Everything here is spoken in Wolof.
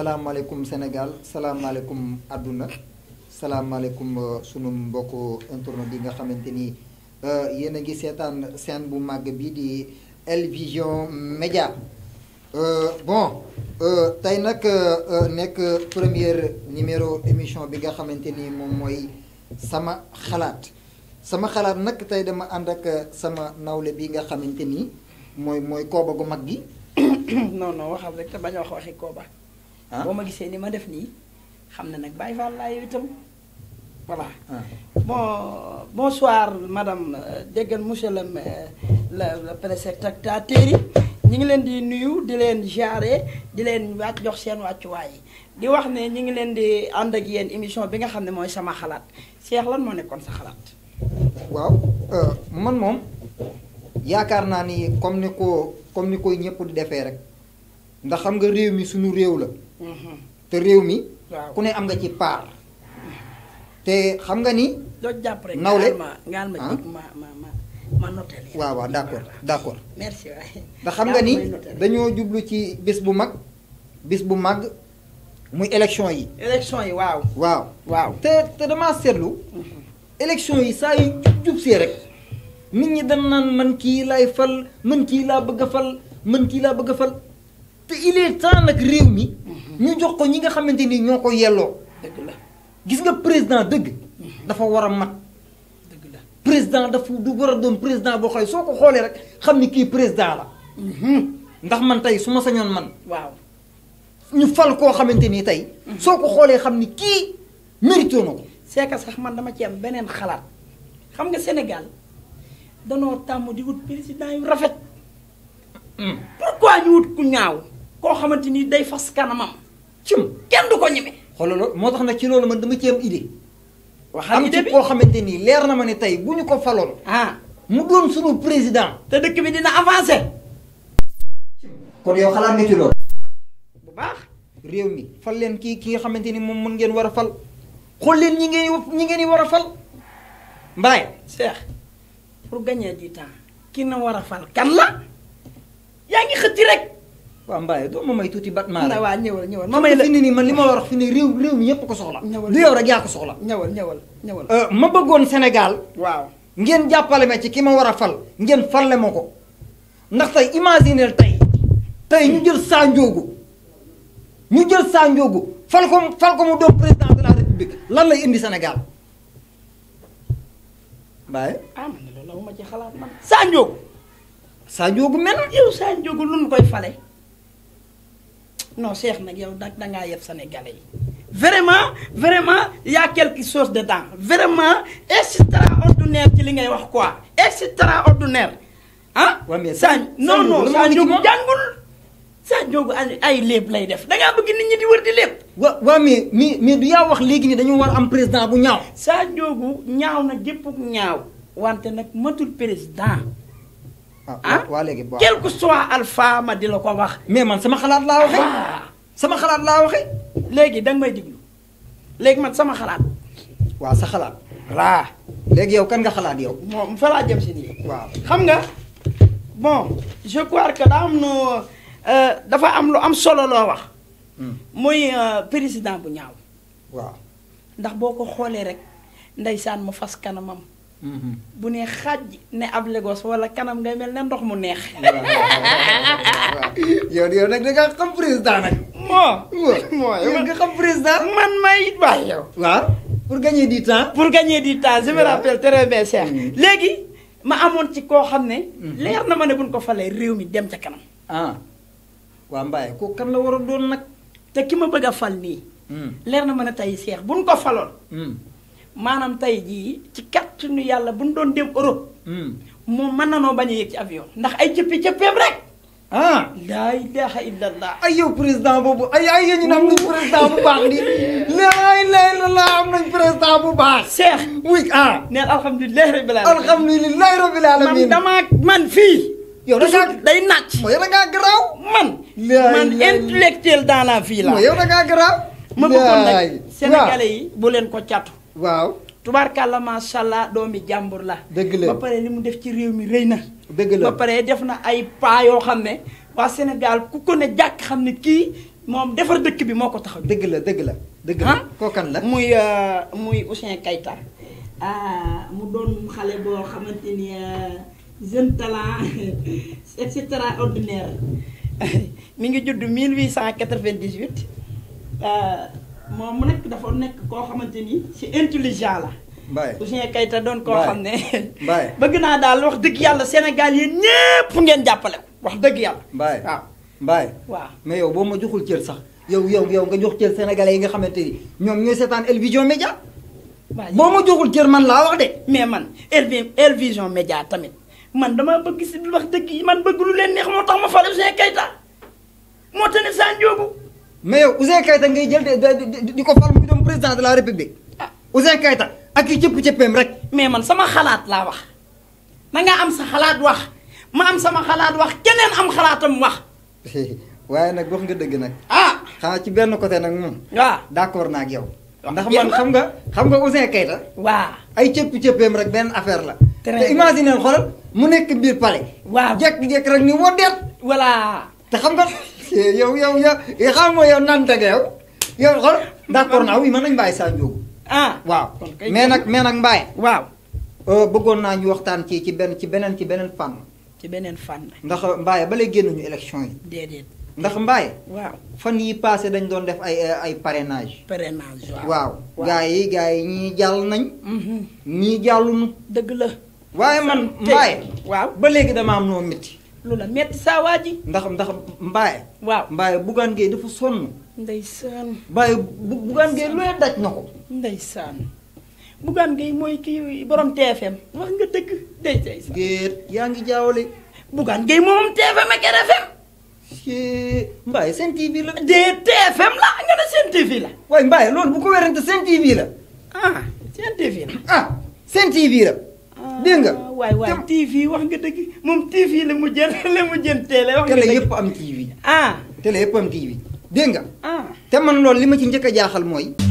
salaamaaleykum Sénégal salaamaaleykum àdduna salaamaaleykum euh, sunu mbokk internet bi nga xamante ni euh, yéen a ngi seetaan seen bu màgg bi di El Média euh, bon tey nag nekk première numéro émission bi nga xamante ni moom mooy sama xalaat sama xalaat nag tey dama ànd ak sama nawle bi nga xamante ni mooy mooy kooba gu mag gi. non non waxal rek te bañ wax waxi kooba. Ah? boo ma gisee ni ma def nii xam na nag Baye Fall laa yow itam voilà. Ah. bon bonsoir madame dégg monsieur le le pré-secrétaire yi ñu ngi leen di nuyu di leen jaare di leen wàcc jox seen wàccuwaay di wax ne ñu ngi leen di ànd ak yéen émission bi nga xam ne mooy sama xalaat Cheikh lan moo nekkoon sa xalaat. waaw euh, man moom yaakaar naa ni comme ni ko comme ni koy ñëpp di defee rek ndax xam nga réew mi suñu réew la. te réew mi. ku ne am nga ci paar. te xam nga ni. doo jàpp ah? ma ma ma noter waaw waaw d' accord d' xam nga ni dañoo jublu ci bis bu mag bis bu mag muy élection yi. élection yi waaw. waaw waaw te te damaa seetlu. élection yi saa yu jub see rek. nit ñi dañ naan man kii laay fal man kii laa bëgg a fal man kii laa bëgg a fal. te il est temps nag réew mi. Mhm. ñu jox ko ñi nga xamante ni ñoo ko yelloo. dëgg gis nga président dëgg. Mhm. dafa war a mat. dëgg la président dafa du war a doon président boo xoolee soo ko xoolee rek xam ni kii président la. Mhm. ndax man tey su ma sañoon man. waaw ñu fal koo xamante ni tey. soo ko xoolee xam ni kii mérité na ko. c'est sax man dama ci am beneen xalaat xam nga Sénégal danoo tàmm di wut président yu rafet. Mm. pourquoi ñu wut ku ñaaw. koo xamante ni day fas kanamam. cim kenn du ko ñeme. xoolal loolu moo tax na ci loolu man dama ci am idée. waxal idée bi am ci koo xamante ni leer na ma ne tey bu ñu ko faloon. ah mu doon sunu président. te dëkk bi dina avancé. kon yow xalaat nga ci loolu. bu baax réew mi fal leen kii ki nga xamante ni moom mën ngeen war a fal xool leen ñi ngeen ñi ngeen war a fal mbaay. Cheikh pour gagner du temps ki na war a fal kan la yaa ngi xëcc rek. waaw Mbaye doo ma may tuuti bat maa rek. waaw ñëwal ñëwal ma may la fi nii man li ma war a wax fi nii réew réew mi yëpp ko soxla. ñëwal du yow soxla. Euh, ma bëggoon Sénégal. waaw ngeen jàppale ma ci ki ma war a fal ngeen farle ma ko ndax tey imaginer tey tey ñu jël saa njóogu ñu jël saa njóogu fal ko fal mu doon président de la indi senegal Mbaye. ah ma ci xalaat man. saa njóogu. saa njóogu mel. yow saa njóogu lu ñu koy fale. non Cheikh nag yow nag dangaa yeb sénégalais yi vraiment vraiment yaa a quelque de dedans vraiment extraordinaire ci li ngay wax quoi extraordinaire ah saa non non saa njóogu jàngul saa njóogu ay léeb lay def dangaa bëgg nit ñi di wër di léeb wa waaw mais mais mais du yaa wax léegi ni dañu war am président bu ñaaw saa njóogu ñaaw na géppuk ñaaw wante nag matul président waa léegi bu quel que soit alpha ma di la ko wax. mais man sama xalaat laa waxe ah. sama xalaat laa waxe léegi danga may diglu léegi man sama xalaat. waaw sa xalaat. raa léegi yow kan nga xalaat yow. moom fa laa jëm si nii. waaw xam nga bon je crois que daa am nu euh, dafa am lu am solo loo wax. Hmm. muy euh, président bu ñaaw. waaw ndax boo ko xoolee rek ndeysaan mu fas kanamam. bu neex xaaj ne ab Lagos wala kanam ngay mel ne ndox mu neex. yow yow nag da xam président nag. moo moo yow nga xam président. man may it yow. waaw pour gagner du temps. pour gagner di temps je me rappelle très bien mm-hmm. léegi ma amoon ci koo xam ne. Mm-hmm. leer na ma ne buñ ko falee réew mi dem ca kanam. ah waa Mbaye ko kan la war a doon nag. te ki ma bëgg a fal nii. Mm. leer na ma ne tey Cheikh buñ ko faloon. Mm. maanaam tey jii ci kàttanu yàlla bu ñu doon dem Europe. Hmm. moom mën na noo bañ a yëg ci avion ndax ay cëppi cëppeem rek. ah laa ilaha illallah. ay yow président boobu ay ay yéen ñu ne am nañ président bu baax di laa ilaha illallah am nañ président bu baax. Cheikh oui ah. neen alhamdulilah rabbil alamin man damaa man fii. yow da day naaj. mooy yow da ngaa man. man intellectuel daanaa fii laa. mooy yow da ngaa garaaw. ma bëggoon nag sénégalais yi ko catu. waaw tubaar tubaarkàlla macha allah doomi jàmbur la. dëgg la ba pare li mu def ci réew mi rëy na. dëgg la ba pare def na ay pas yoo xam ne waa Sénégal ku ko ne jàkk xam ne kii moom defar dëkk bi moo ko taxaw. dëgg la dëgg la dëgg la kookan la. muy euh, muy Ouzin Keita ah, mu doon xale boo xamante ni euh, jeune talent et cetera ordinaire mi ngi mille judd 1898. Euh, moom mu nekk dafa nekk koo xamante ni si intelligent la. Mbaye Ouzin Keita doon koo xam ne. Mbaye bëgg naa daal wax dëgg yàlla Sénégal yéen ñépp ngeen jàppale wax dëgg yàlla. Mbaye waaw Mbaye. waaw mais yow boo ma joxul cër sax yow yow yow nga jox cër sénégalais yi nga xamante ni ñoom ñooy seetaan El Vision Média. waaw boo ma joxul cër man laa wax de. mais man El El Vision tamit man dama bëgg si wax dëgg yi man bëgg lu leen neex moo tax ma fal Ouzin Keita moo tax ne Sa Ndiogou mais yow Ouzin kayta ngay jël de di ko fal mu dem président de la république Ouzin ah. kayta ak cipp ci pem rek. mais man sama xalaat la wax na nga am sa xalaat wax ma am sama xalaat wax keneen am xalaatam wax. waye nak wax nga deug nak ah xana ci benn côté nak mom waaw ah. d'accord nak yow. Ah. ndax man xam nga xam nga Ouzin kayta wa ay ci pem rek benn affaire la. te imaginer xoolal mu nek bir palais. wa jek jek rek ni woo deet. te xam nga. yow yow yow xam nga yow nan tege yow yow xool d'accord naa oui mën nañ Mbaye saa Ndiogou. ah waaw mais nag mais nag Mbaye. waaw. Euh, bëggoon naa ñu waxtaan ci ci benn ci beneen ci beneen fànn. ci beneen fànn. ndax Mbaye ba lay génnuñu élection yi. ndax Mbaye. waaw fan yi passé dañ doon def ay ay parrainage. parrainage waaw. waaw gaa yi gaa yi ñii jàll nañ. Mhm. ñii jàlluñu. dëgg la. waaye man Mbaye. ba léegi dama am noo métti. lu la metti saa waa ji. dax ndax Mbaye. waaw Mbaye Bougane Gueye dafa sonn. ndeysaan. Mbaye bu Bougane Gueye looy daj na ko. ndeysaan. Bougane Gueye mooy kii borom TFM wax nga dëgg day tey yaa ngi jaawale. Bougane Gueye moom TFM ak RFM. Mbaye seen TV la. de TFM la nga ne seen TV la. waaye Mbaye loolu bu ko werante seen TV la. ah seen TV la. ah seen TV la. dégg nga. Oh, waay waay TV wax nga dëgg moom TV la mu jël la mu jën télé wax nga dëgg télé yëpp am TV. ah télé yëpp am dégg nga. Ah. te man loolu li ma ci njëkk a jaaxal mooy.